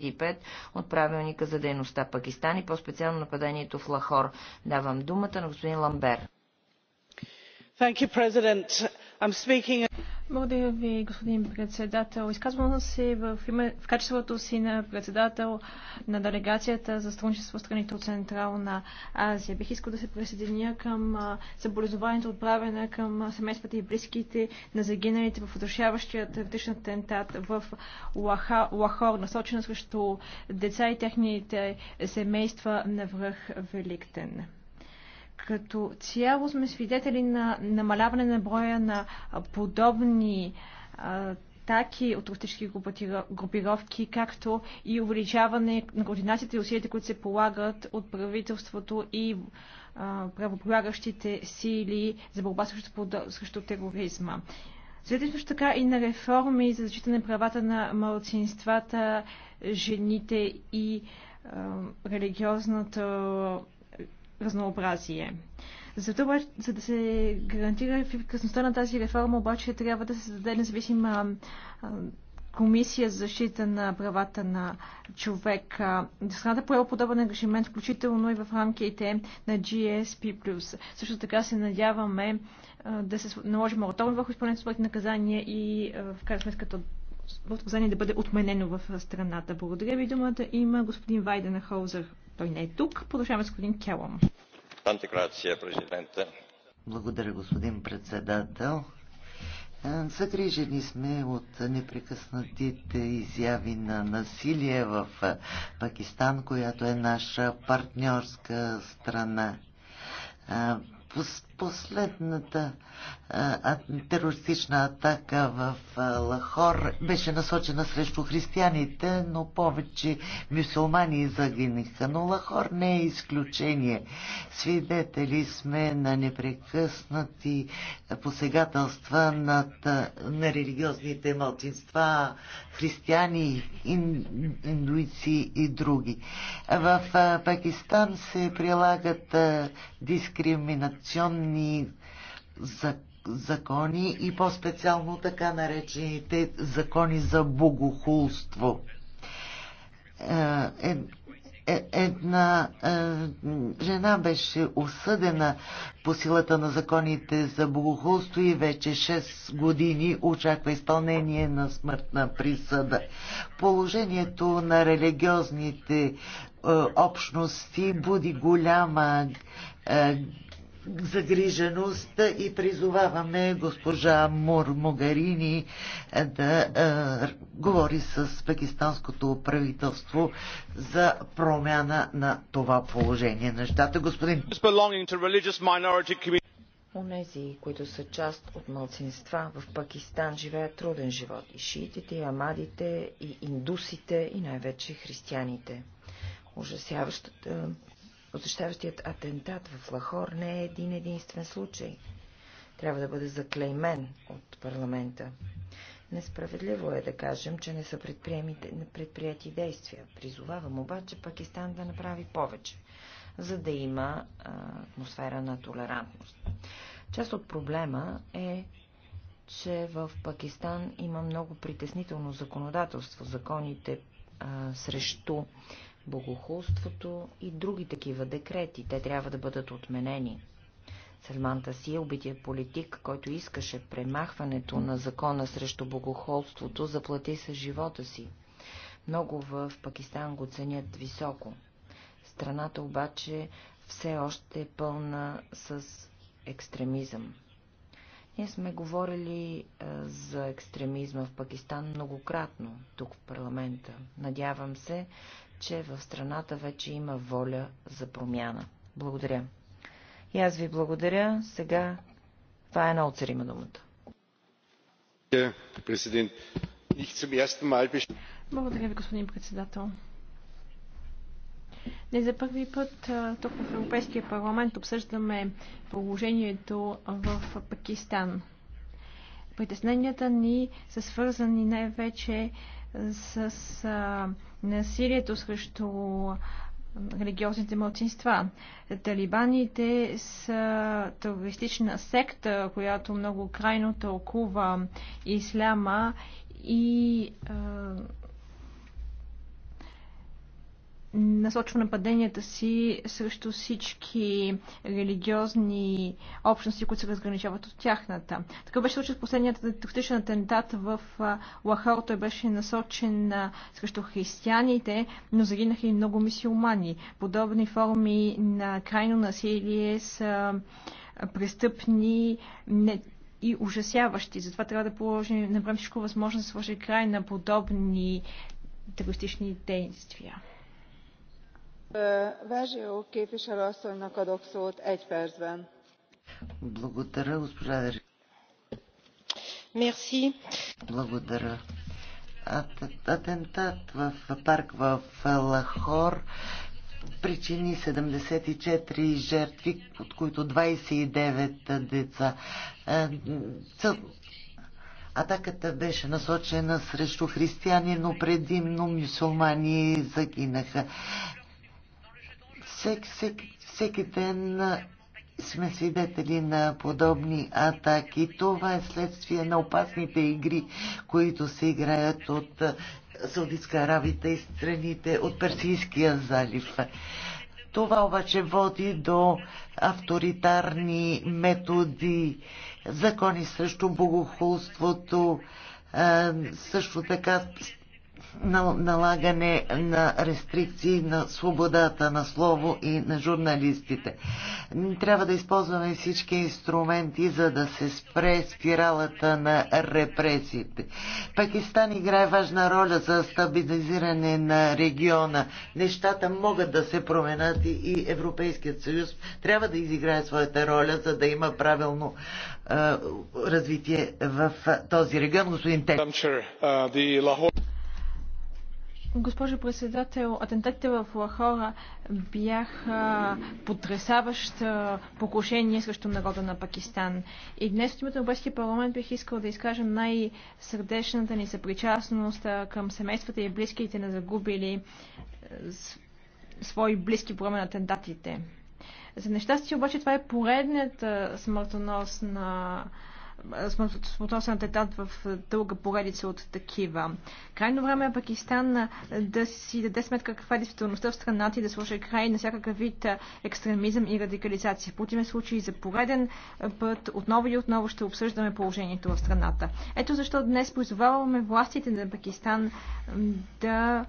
5 от правилника за дейността Пакистан и по-специално нападението в Лахор. Давам думата на господин Ламбер. Thank You, speaking... Благодаря ви, господин председател. Изказвам се в, име, в качеството си на председател на делегацията за сътрудничество страните от Централна Азия. Бих искал да се присъединя към съболезнованието отправена към семействата и близките на загиналите в отрушаващия терористичен атентат в Лаха, Лахор, насочен срещу деца и техните семейства на връх Великтен. Като цяло сме свидетели на намаляване на броя на подобни атаки от туристически групировки, както и увеличаване на координацията и усилията, които се полагат от правителството и правоприлагащите сили за борба срещу, срещу тероризма. Свидетели също така и на реформи за защита на правата на малцинствата, жените и религиозната разнообразие. За, това, за да се гарантира ефикасността на тази реформа, обаче трябва да се създаде независима комисия за защита на правата на човека. Страната поема подобен ангажимент, включително и в рамките на GSP+. Също така се надяваме да се наложи мораторно върху изпълнението на наказания и в крайна сметка да бъде отменено в страната. Благодаря ви думата. Има господин Вайден Хаузер. Той не е тук. Продължаваме с господин Келъм. Благодаря, господин председател. Загрижени сме от непрекъснатите изяви на насилие в Пакистан, която е наша партньорска страна последната а, терористична атака в а, Лахор беше насочена срещу християните, но повече мюсулмани загинаха. Но Лахор не е изключение. Свидетели сме на непрекъснати посегателства над, на религиозните мълчинства, християни, индуици и други. В а, Пакистан се прилагат а, дискриминационни подобни закони закони и по-специално така наречените закони за богохулство. Е, е, е, една е, жена беше осъдена по силата на законите за богохулство и вече 6 години очаква изпълнение на смъртна присъда. Положението на религиозните е, общности буди голяма е, загриженост и призоваваме госпожа Мур Могарини е, да е, говори с пакистанското правителство за промяна на това положение. Нещата, господин. Онези, които са част от мълцинства в Пакистан, живеят труден живот. И шиитите, и амадите, и индусите, и най-вече християните. Ужасяващата посещаващият атентат в Лахор не е един единствен случай. Трябва да бъде заклеймен от парламента. Несправедливо е да кажем, че не са предприяти действия. Призовавам обаче Пакистан да направи повече, за да има атмосфера на толерантност. Част от проблема е, че в Пакистан има много притеснително законодателство. Законите а, срещу богохулството и други такива декрети. Те трябва да бъдат отменени. Салман Таси е убития политик, който искаше премахването на закона срещу богохолството, заплати с живота си. Много в Пакистан го ценят високо. Страната обаче все още е пълна с екстремизъм. Ние сме говорили е, за екстремизма в Пакистан многократно тук в парламента. Надявам се, че в страната вече има воля за промяна. Благодаря. И аз ви благодаря. Сега това е една от има думата. Благодаря ви, господин председател. Не за първи път тук в Европейския парламент обсъждаме положението в Пакистан. Притесненията ни са свързани най-вече с а, насилието срещу религиозните младсинства. Талибаните са терористична секта, която много крайно тълкува исляма и а, насочва нападенията си срещу всички религиозни общности, които се разграничават от тяхната. Така беше случай с последният тактичен атентат в Лахор. Той беше насочен срещу християните, но загинаха и много мисиомани. Подобни форми на крайно насилие са престъпни, не, и ужасяващи. Затова трябва да положим, направим всичко възможно да сложи край на подобни терористични действия. Е, Благодаря, госпожа Мерси. Благодаря. Атентат в парк в Лахор причини 74 жертви, от които 29 деца. Е, цъл... Атаката беше насочена срещу християни, но предимно мюсулмани загинаха. Всек, всек, всеки ден сме свидетели на подобни атаки. Това е следствие на опасните игри, които се играят от Саудитска Аравия и страните от Персийския залив. Това обаче води до авторитарни методи, закони срещу богохулството, също така налагане на рестрикции на свободата на слово и на журналистите. Трябва да използваме всички инструменти, за да се спре спиралата на репресиите. Пакистан играе важна роля за стабилизиране на региона. Нещата могат да се променят и Европейският съюз трябва да изиграе своята роля, за да има правилно развитие в този регион. Господин Тек. Госпожо председател, атентатите в Лахора бяха потрясаващо покушение срещу народа на Пакистан. И днес от името на Българския парламент бих искал да изкажем най-сърдечната ни съпричастност към семействата и близките на загубили свои близки по време на атентатите. За нещастие обаче това е поредната смъртоносна на смъртоносен атентат в е, дълга поредица от такива. Крайно време е Пакистан е, да си даде сметка каква е действителността в страната и да сложи край на всякакъв вид е, екстремизъм и радикализация. В противен случай за пореден път отново и отново ще обсъждаме положението в страната. Ето защо днес призоваваме властите на Пакистан да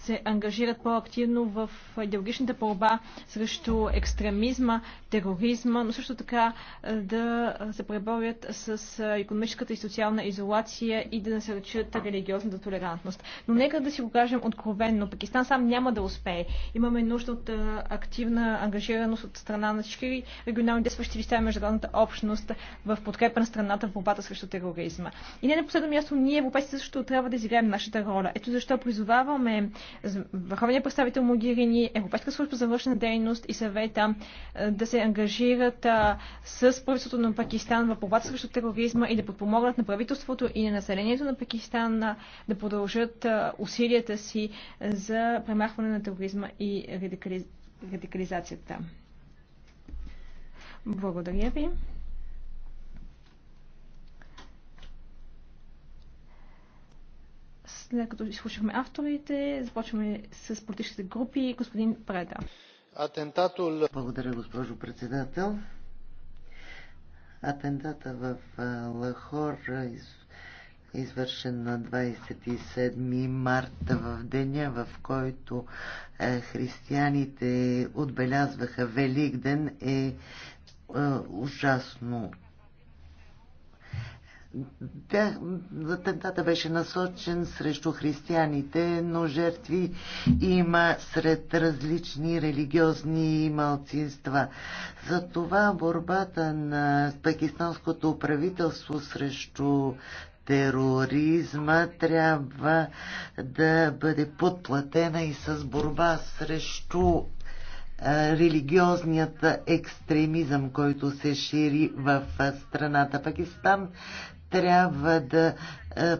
се ангажират по-активно в идеологичната борба срещу екстремизма, тероризма, но също така да се преборят борят с економическата и социална изолация и да насърчат религиозната толерантност. Но нека да си го кажем откровенно. Пакистан сам няма да успее. Имаме нужда от активна ангажираност от страна на всички регионални действащи листа и международната общност в подкрепа на страната в борбата срещу тероризма. И не на последно място, ние, европейците, също трябва да изиграем нашата роля. Ето защо призоваваме върховния представител Могирини, Европейска служба за външна дейност и съвета да се ангажират с правителството на Пакистан в борбата срещу тероризма и да подпомогнат на правителството и на населението на Пакистан да продължат усилията си за премахване на тероризма и радикализацията. Благодаря ви. След като изслушахме авторите, започваме с политическите групи. Господин Преда. Атентатул... Благодаря, госпожо председател. Атентата в Лахор, извършен на 27 марта в деня, в който християните отбелязваха Великден, е ужасно за атентата беше насочен срещу християните, но жертви има сред различни религиозни малцинства. Затова борбата на пакистанското правителство срещу тероризма трябва да бъде подплатена и с борба срещу религиозният екстремизъм, който се шири в страната. Пакистан трябва да, е,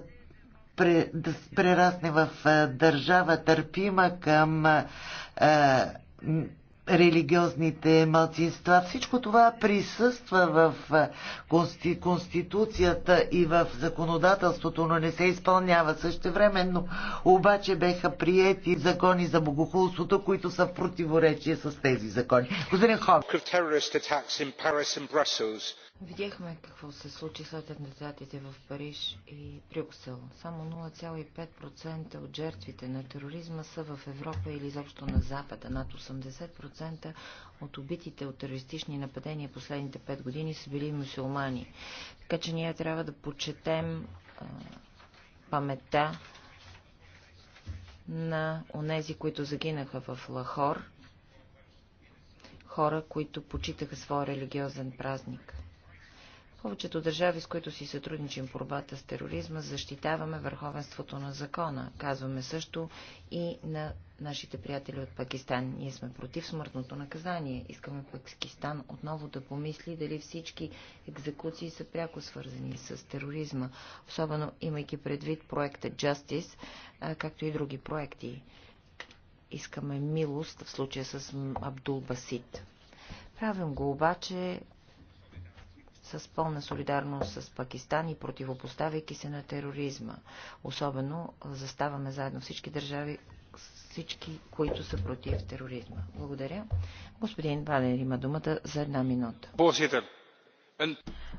да прерасне в е, държава търпима към е, религиозните малцинства. Всичко това присъства в Конституцията и в законодателството, но не се изпълнява същевременно. Обаче беха приети закони за богохулството, които са в противоречие с тези закони. Господин Хов. Видяхме какво се случи след атентатите в Париж и Брюксел. Само 0,5% от жертвите на тероризма са в Европа или изобщо на Запада. Над 80% от убитите от терористични нападения последните 5 години са били мусулмани. Така че ние трябва да почетем а, паметта на онези, които загинаха в Лахор, хора, които почитаха своя религиозен празник. Повечето държави, с които си сътрудничим борбата с тероризма, защитаваме върховенството на закона. Казваме също и на нашите приятели от Пакистан. Ние сме против смъртното наказание. Искаме Пакистан отново да помисли дали всички екзекуции са пряко свързани с тероризма, особено имайки предвид проекта Justice, както и други проекти. Искаме милост в случая с Абдул Басит. Правим го обаче с пълна солидарност с Пакистан и противопоставяйки се на тероризма. Особено заставаме заедно всички държави, всички, които са против тероризма. Благодаря. Господин Валер има думата за една минута.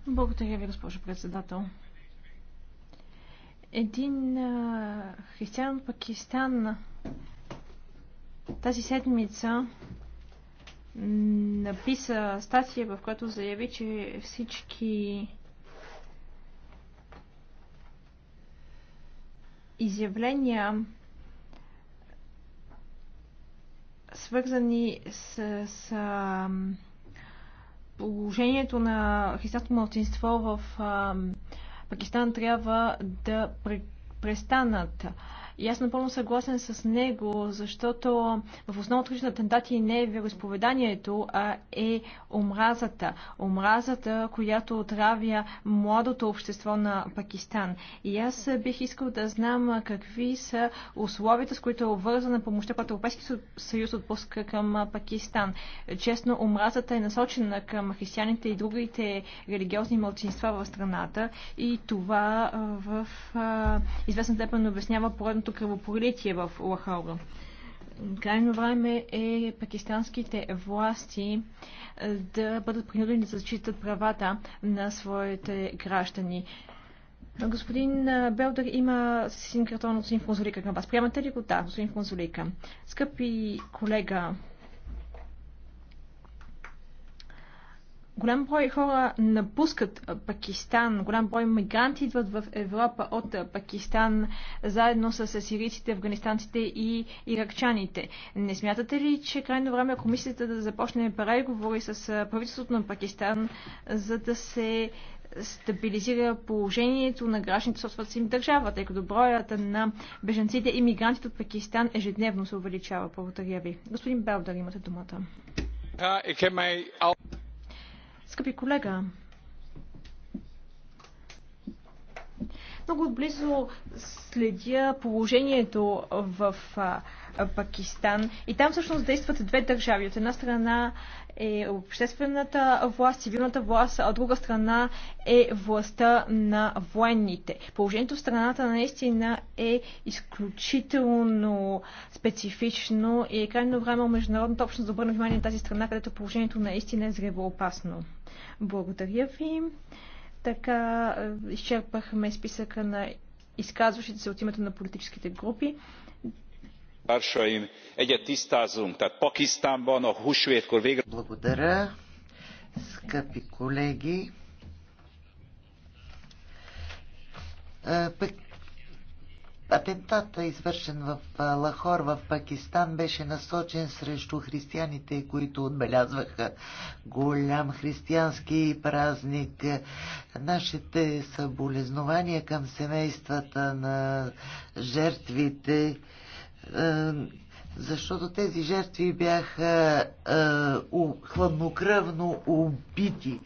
Благодаря ви, госпожо председател. Един християн Пакистан тази седмица написа статия, в която заяви, че всички изявления, свързани с, с положението на християнското младсинство в а, Пакистан, трябва да престанат. И аз напълно съгласен с него, защото в основата на тендати не е вероисповеданието, а е омразата. Омразата, която отравя младото общество на Пакистан. И аз бих искал да знам какви са условията, с които е обвързана помощта, която Европейски съюз отпуска към Пакистан. Честно, омразата е насочена към християните и другите религиозни мълчинства в страната и това в известна степен обяснява поредно тяхното кръвопролитие в Лахора. Крайно време е пакистанските власти е, да бъдат принудени да зачитат правата на своите граждани. Господин е, Белдър има синкратон от господин към вас. Приемате ли го? Да, господин Скъпи колега, Голям брой хора напускат Пакистан, голям брой мигранти идват в Европа от Пакистан, заедно с сирийците, афганистанците и иракчаните. Не смятате ли, че е крайно време комисията да започне преговори с правителството на Пакистан, за да се стабилизира положението на гражданите в собствената си държава, тъй като броят на беженците и мигрантите от Пакистан ежедневно се увеличава. Благодаря ви. Господин Белдар, имате думата. Uh, Скъпи колега, много близо следя положението в Пакистан и там всъщност действат две държави. От една страна е обществената власт, цивилната власт, а от друга страна е властта на военните. Положението в страната наистина е изключително специфично и е крайно време международната общност да обърне внимание на тази страна, където положението наистина е зревоопасно. Благодаря ви. Така е, изчерпахме списъка на изказващите се от името на политическите групи. Благодаря, скъпи колеги. Е, Атентата, извършен в Лахор в Пакистан, беше насочен срещу християните, които отбелязваха голям християнски празник. Нашите съболезнования към семействата на жертвите, е, защото тези жертви бяха е, хладнокръвно убити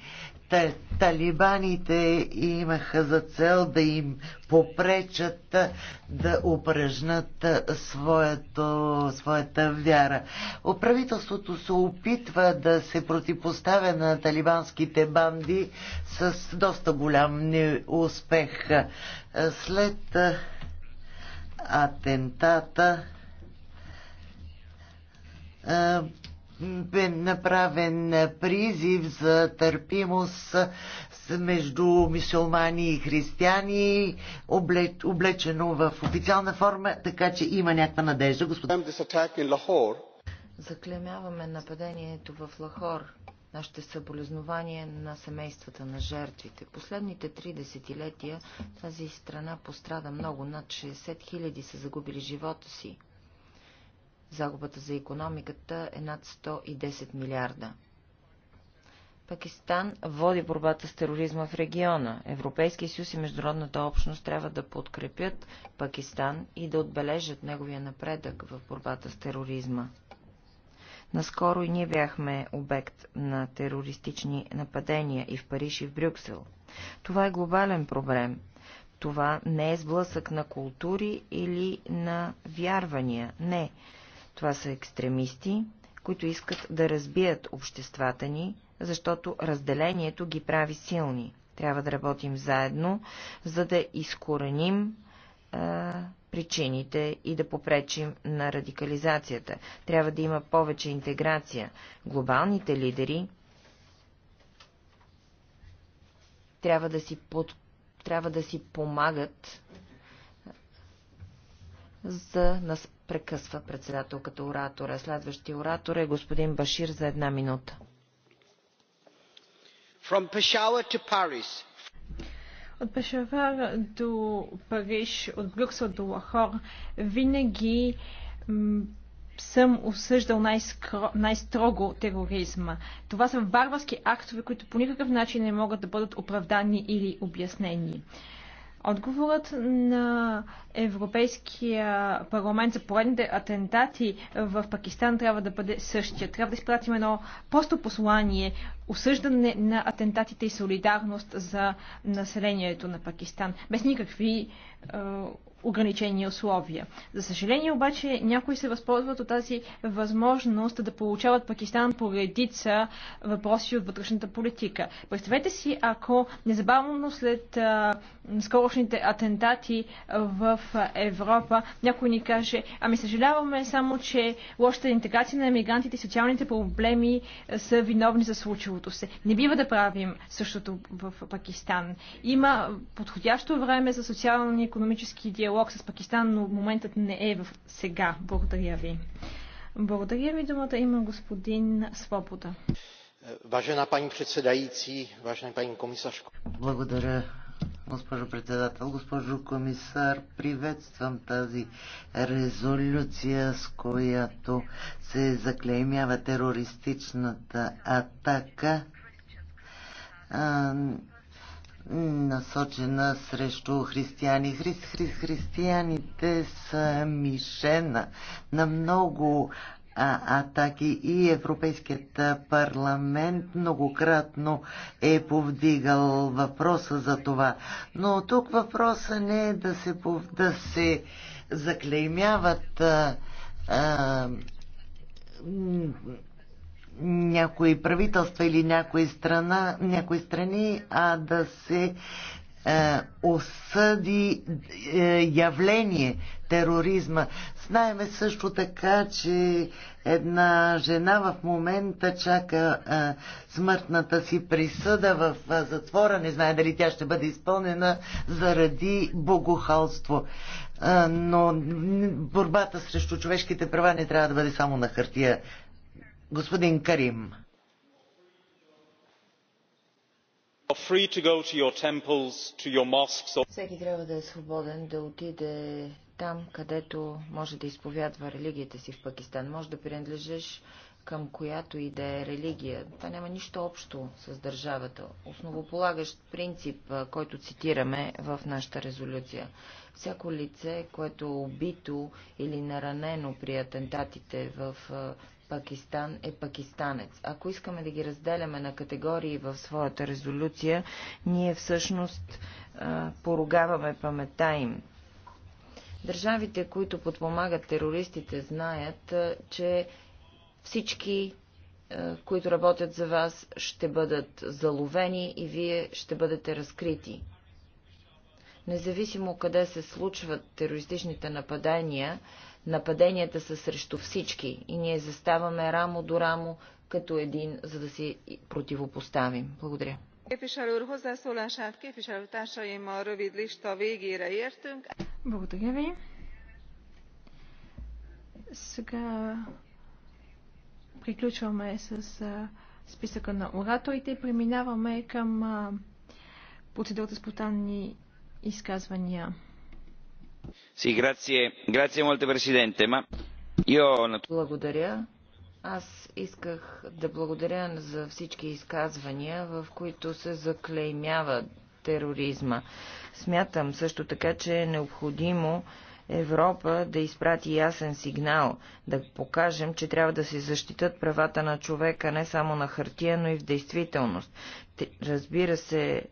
талибаните имаха за цел да им попречат да упражнат своето, своята вяра. Управителството се опитва да се противопоставя на талибанските банди с доста голям неуспех. След атентата бе направен призив за търпимост между мисулмани и християни, облечено в официална форма, така че има някаква надежда. Господин... Заклемяваме нападението в Лахор. Нашите съболезнования на семействата на жертвите. Последните три десетилетия тази страна пострада много. Над 60 хиляди са загубили живота си. Загубата за економиката е над 110 милиарда. Пакистан води борбата с тероризма в региона. Европейския съюз и международната общност трябва да подкрепят Пакистан и да отбележат неговия напредък в борбата с тероризма. Наскоро и ние бяхме обект на терористични нападения и в Париж и в Брюксел. Това е глобален проблем. Това не е сблъсък на култури или на вярвания. Не. Това са екстремисти, които искат да разбият обществата ни, защото разделението ги прави силни. Трябва да работим заедно, за да изкореним а, причините и да попречим на радикализацията. Трябва да има повече интеграция. Глобалните лидери трябва да си, под... трябва да си помагат за нас прекъсва председателката оратора. Следващия оратор е господин Башир за една минута. From to Paris, от Пешавар до Париж, от Брюксел до Лахор, винаги съм осъждал най-строго най тероризма. Това са варварски актове, които по никакъв начин не могат да бъдат оправдани или обяснени. Отговорът на Европейския парламент за поредните атентати в Пакистан трябва да бъде същия. Трябва да изпратим едно просто послание, осъждане на атентатите и солидарност за населението на Пакистан, без никакви е, ограничени условия. За съжаление обаче някои се възползват от тази възможност да получават Пакистан по редица въпроси от вътрешната политика. Представете си, ако незабавно след а, скорошните атентати в Европа някой ни каже, ами съжаляваме само, че лошата интеграция на емигрантите и социалните проблеми са виновни за случилото се. Не бива да правим същото в Пакистан. Има подходящо време за социално-економически диалог диалог с Пакистан, но моментът не е в сега. Благодаря ви. Благодаря ви. Думата има господин Свобода. Важена пани председající, важена пани комисарко. Благодаря, госпожо председател. Госпожо комисар, приветствам тази резолюция, с която се заклеймява терористичната атака насочена срещу християни. Хри, хри, християните са мишена на много а, атаки и Европейският парламент многократно е повдигал въпроса за това. Но тук въпроса не е да се, да се заклеймяват а, а, някои правителства или някои, страна, някои страни, а да се е, осъди е, явление тероризма. Знаеме също така, че една жена в момента чака е, смъртната си присъда в е, затвора. Не знае дали тя ще бъде изпълнена заради богохалство. Е, но борбата срещу човешките права не трябва да бъде само на хартия. Господин Карим. Всеки трябва да е свободен да отиде там, където може да изповядва религията си в Пакистан. Може да принадлежиш към която и да е религия. Това няма нищо общо с държавата. Основополагащ принцип, който цитираме в нашата резолюция. Всяко лице, което е убито или наранено при атентатите в Пакистан е пакистанец. Ако искаме да ги разделяме на категории в своята резолюция, ние всъщност а, поругаваме паметта им. Държавите, които подпомагат терористите, знаят, а, че всички, а, които работят за вас, ще бъдат заловени и вие ще бъдете разкрити. Независимо къде се случват терористичните нападения, Нападенията са срещу всички и ние заставаме рамо до рамо като един, за да си противопоставим. Благодаря. Благодаря ви. Сега приключваме с списъка на ораторите и преминаваме към процедурата с изказвания. Благодаря. Аз исках да благодаря за всички изказвания, в които се заклеймява тероризма. Смятам също така, че е необходимо Европа да изпрати ясен сигнал, да покажем, че трябва да се защитат правата на човека не само на хартия, но и в действителност. Разбира се,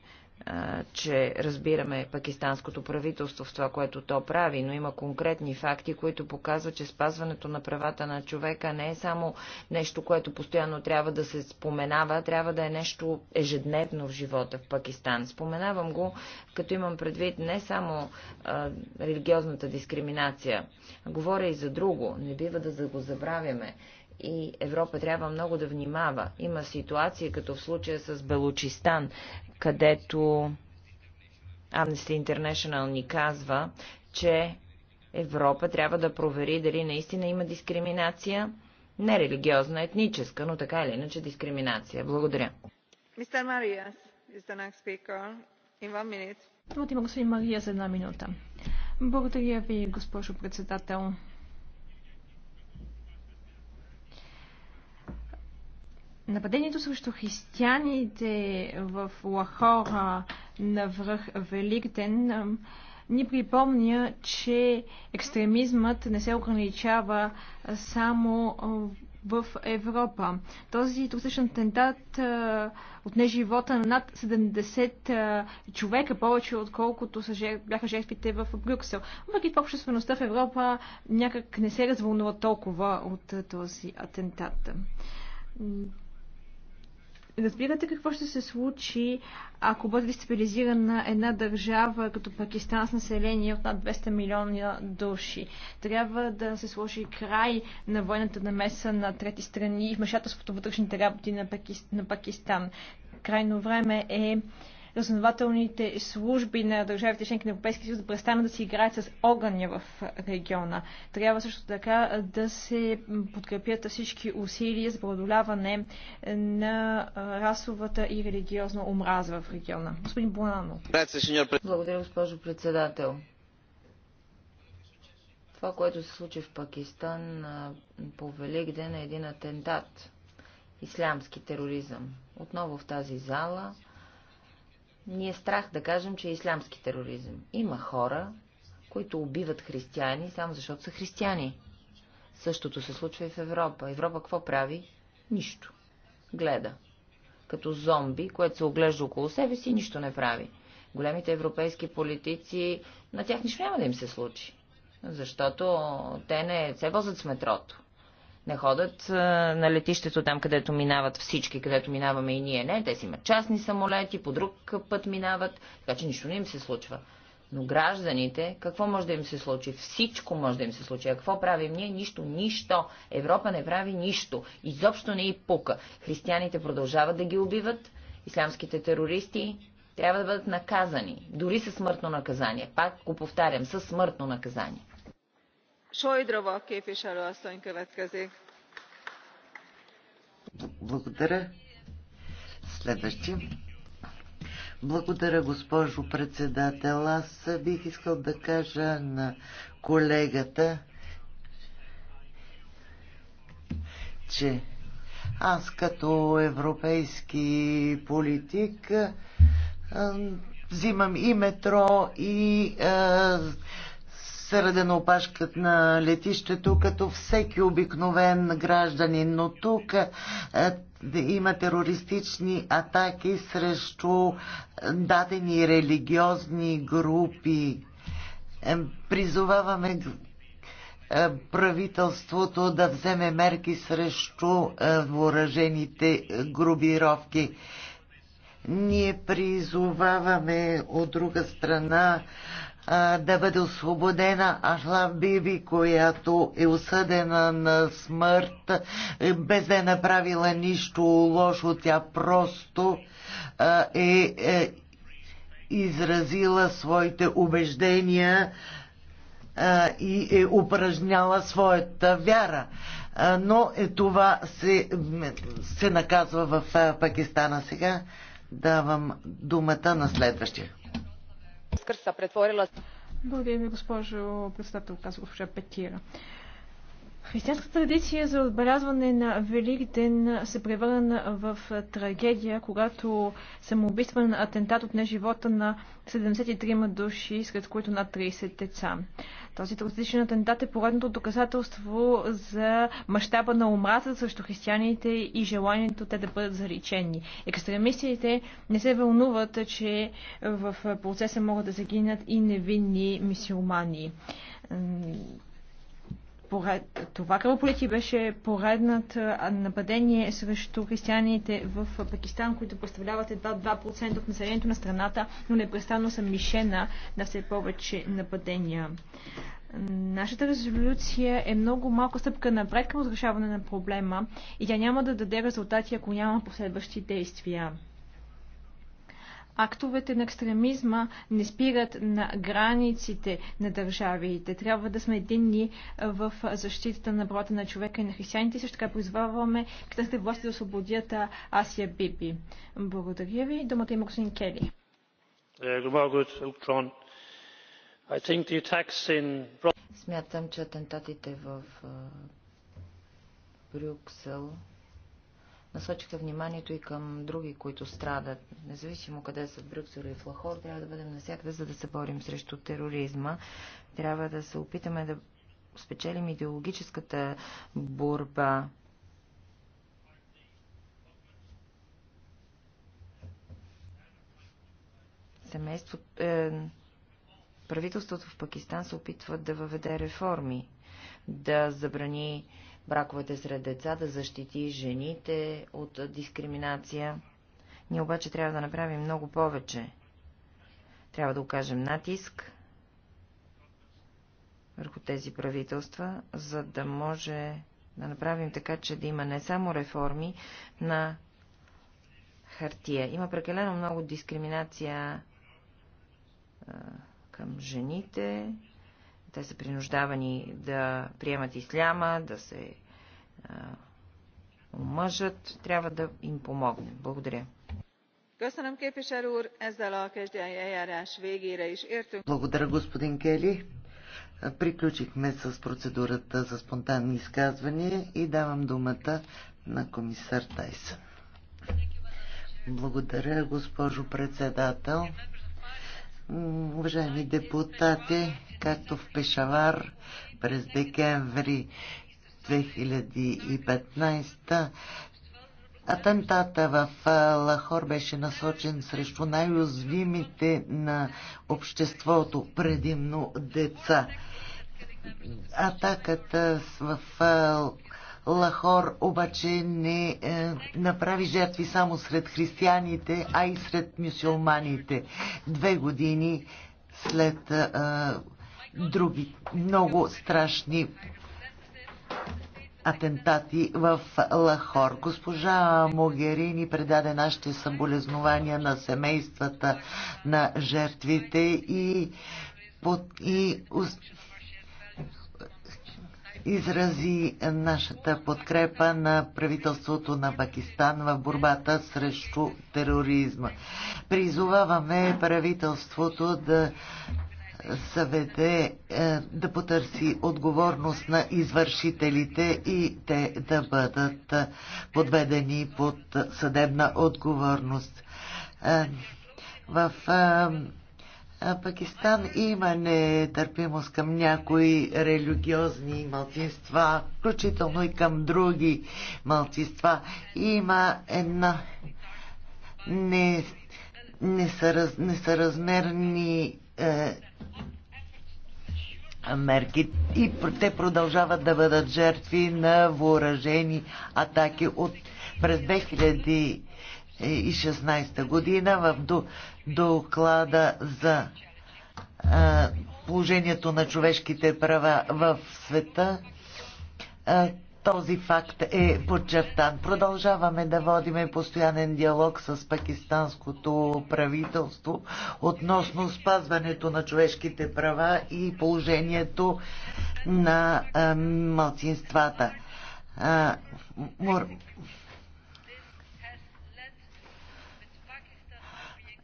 че разбираме пакистанското правителство в това, което то прави, но има конкретни факти, които показват, че спазването на правата на човека не е само нещо, което постоянно трябва да се споменава, трябва да е нещо ежедневно в живота в Пакистан. Споменавам го, като имам предвид не само а, религиозната дискриминация. Говоря и за друго. Не бива да го забравяме и Европа трябва много да внимава. Има ситуации, като в случая с Белочистан, където Amnesty International ни казва, че Европа трябва да провери дали наистина има дискриминация, не религиозна, етническа, но така или иначе дискриминация. Благодаря. Мистер Мариас, Думата има господин Мария за една минута. Благодаря ви, госпожо председател. Нападението срещу християните в Лахора на връх Великден ни припомня, че екстремизмът не се ограничава само в Европа. Този токсичен атентат отне живота на над 70 човека, повече отколкото бяха жертвите в Брюксел. Въпреки това обществеността в Европа някак не се развълнува толкова от този атентат. Разбирате какво ще се случи, ако бъде дестабилизирана една държава като Пакистан с население от над 200 милиона души. Трябва да се сложи край на военната намеса на трети страни и вмешателството вътрешните работи на, на Пакистан. Крайно време е разнователните служби на държавите членки на Европейския съюз да престанат да си играят с огъня в региона. Трябва също така да се подкрепят всички усилия за преодоляване на расовата и религиозна омраза в региона. Господин Бонано. Благодаря, госпожо председател. Това, което се случи в Пакистан по Велик ден е един атентат. Ислямски тероризъм. Отново в тази зала ни е страх да кажем, че е ислямски тероризъм. Има хора, които убиват християни, само защото са християни. Същото се случва и в Европа. Европа какво прави? Нищо. Гледа. Като зомби, което се оглежда около себе си, нищо не прави. Големите европейски политици, на тях нищо няма да им се случи. Защото те не се возят с метрото. Не ходят на летището там, където минават всички, където минаваме и ние. Не, те си имат частни самолети, по друг път минават, така че нищо не им се случва. Но гражданите, какво може да им се случи? Всичко може да им се случи. А какво правим ние? Нищо, нищо. Европа не прави нищо. Изобщо не и пука. Християните продължават да ги убиват, ислямските терористи трябва да бъдат наказани, дори със смъртно наказание. Пак го повтарям, със смъртно наказание. Благодаря. Следващи. Благодаря, госпожо председател. Аз бих искал да кажа на колегата, че аз като европейски политик взимам и метро, и среден опашкът на летището, като всеки обикновен гражданин. Но тук е, има терористични атаки срещу е, дадени религиозни групи. Е, призоваваме правителството да вземе мерки срещу въоръжените грубировки, Ние призоваваме от друга страна да бъде освободена Ахла Биби, която е осъдена на смърт, е, без да е направила нищо лошо, тя просто е, е изразила своите убеждения и е упражняла своята вяра. Но е, това се, се наказва в Пакистана сега. Давам думата на следващия. Благодаря ви, госпожо председател, каза госпожа Петира. Християнската традиция за отбелязване на ден се превърна в трагедия, когато самоубийствен атентат отне живота на 73 души, сред които над 30 деца. Този терористичен атентат е поредното доказателство за мащаба на омразата срещу християните и желанието те да бъдат заличени. Екстремистите не се вълнуват, че в процеса могат да загинат и невинни мисиомани поред... това кръвополитие беше поредната нападение срещу християните в Пакистан, които представляват едва 2% от населението на страната, но непрестанно са мишена на все повече нападения. Нашата резолюция е много малка стъпка напред към разрешаване на проблема и тя няма да даде резултати, ако няма последващи действия актовете на екстремизма не спират на границите на държавите. Трябва да сме единни в защитата на брата на човека и на християните. Също така призваваме китайските власти да освободят Асия Биби. Благодаря ви. Думата има господин Кели. Е, Смятам, че атентатите в Брюксел насочиха вниманието и към други, които страдат. Независимо къде са в Брюксел и в Лахор, трябва да бъдем навсякъде, за да се борим срещу тероризма. Трябва да се опитаме да спечелим идеологическата борба. Семейство, е, правителството в Пакистан се опитва да въведе реформи, да забрани браковете сред деца, да защити жените от дискриминация. Ние обаче трябва да направим много повече. Трябва да окажем натиск върху тези правителства, за да може да направим така, че да има не само реформи на хартия. Има прекалено много дискриминация към жените, те са принуждавани да приемат исляма, да се а, омъжат. Трябва да им помогнем. Благодаря. Благодаря, господин Кели. Приключихме с процедурата за спонтанни изказвания и давам думата на комисар Тайсън. Благодаря, госпожо председател уважаеми депутати, както в Пешавар през декември 2015 Атентата в Лахор беше насочен срещу най-уязвимите на обществото, предимно деца. Атаката в Лахор обаче не е, направи жертви само сред християните, а и сред мюсюлманите. Две години след е, други много страшни атентати в Лахор. Госпожа Могерини предаде нашите съболезнования на семействата на жертвите и, под, и изрази нашата подкрепа на правителството на Пакистан в борбата срещу тероризма. Призоваваме правителството да съведе е, да потърси отговорност на извършителите и те да бъдат подведени под съдебна отговорност. Е, в е, Пакистан има нетърпимост към някои религиозни малцинства, включително и към други малцинства. Има една не, несъраз, несъразмерни е, мерки и те продължават да бъдат жертви на въоръжени атаки от през 2000 2016 е, година в доклада за положението на човешките права в света. Този факт е подчертан. Продължаваме да водиме постоянен диалог с пакистанското правителство относно спазването на човешките права и положението на малцинствата.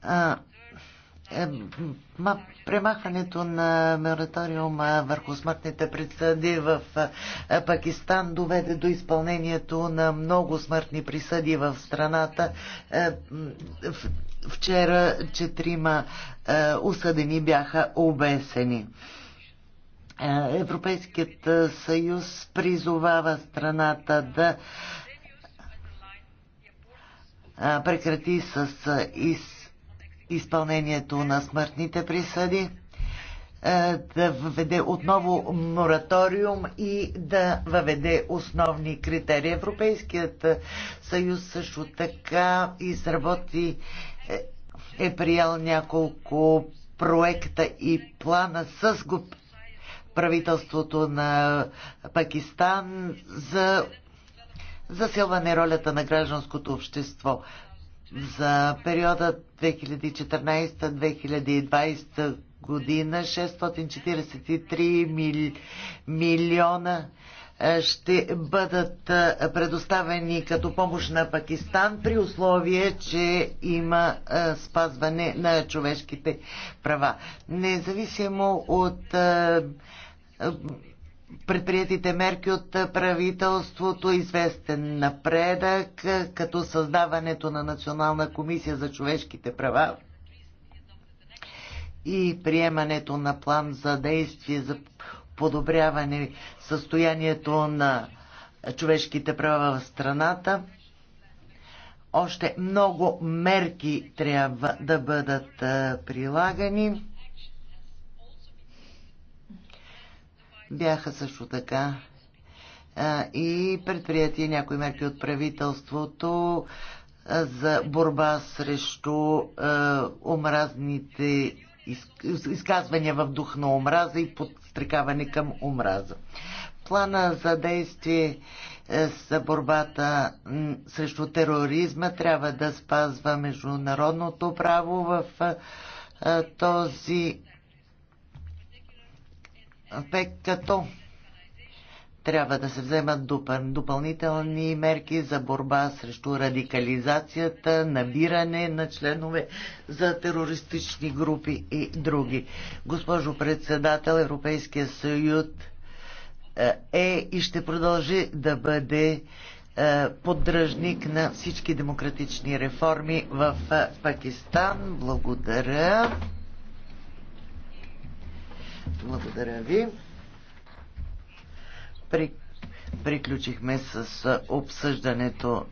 а, е, премахането премахването на мораториума върху смъртните присъди в а, Пакистан доведе до изпълнението на много смъртни присъди в страната. А, е, в, вчера четирима е, осъдени бяха обесени. Е, Европейският съюз призовава страната да прекрати с из изпълнението на смъртните присъди, е, да въведе отново мораториум и да въведе основни критерии. Европейският съюз също така изработи е, е приял няколко проекта и плана с правителството на Пакистан за засилване ролята на гражданското общество за периода 2014-2020 година 643 мили, милиона е, ще бъдат е, предоставени като помощ на Пакистан при условие, че има е, спазване на човешките права. Независимо от предприятите мерки от правителството, известен напредък, като създаването на Национална комисия за човешките права и приемането на план за действие за подобряване състоянието на човешките права в страната. Още много мерки трябва да бъдат прилагани. Бяха също така и предприятия някои мерки от правителството за борба срещу омразните изказвания в дух на омраза и подстрекаване към омраза. Плана за действие за борбата срещу тероризма трябва да спазва международното право в този тъй като трябва да се вземат допълнителни мерки за борба срещу радикализацията, набиране на членове за терористични групи и други. Госпожо председател, Европейския съюз е, е и ще продължи да бъде е, поддръжник на всички демократични реформи в е, Пакистан. Благодаря. Благодаря ви. При... Приключихме с обсъждането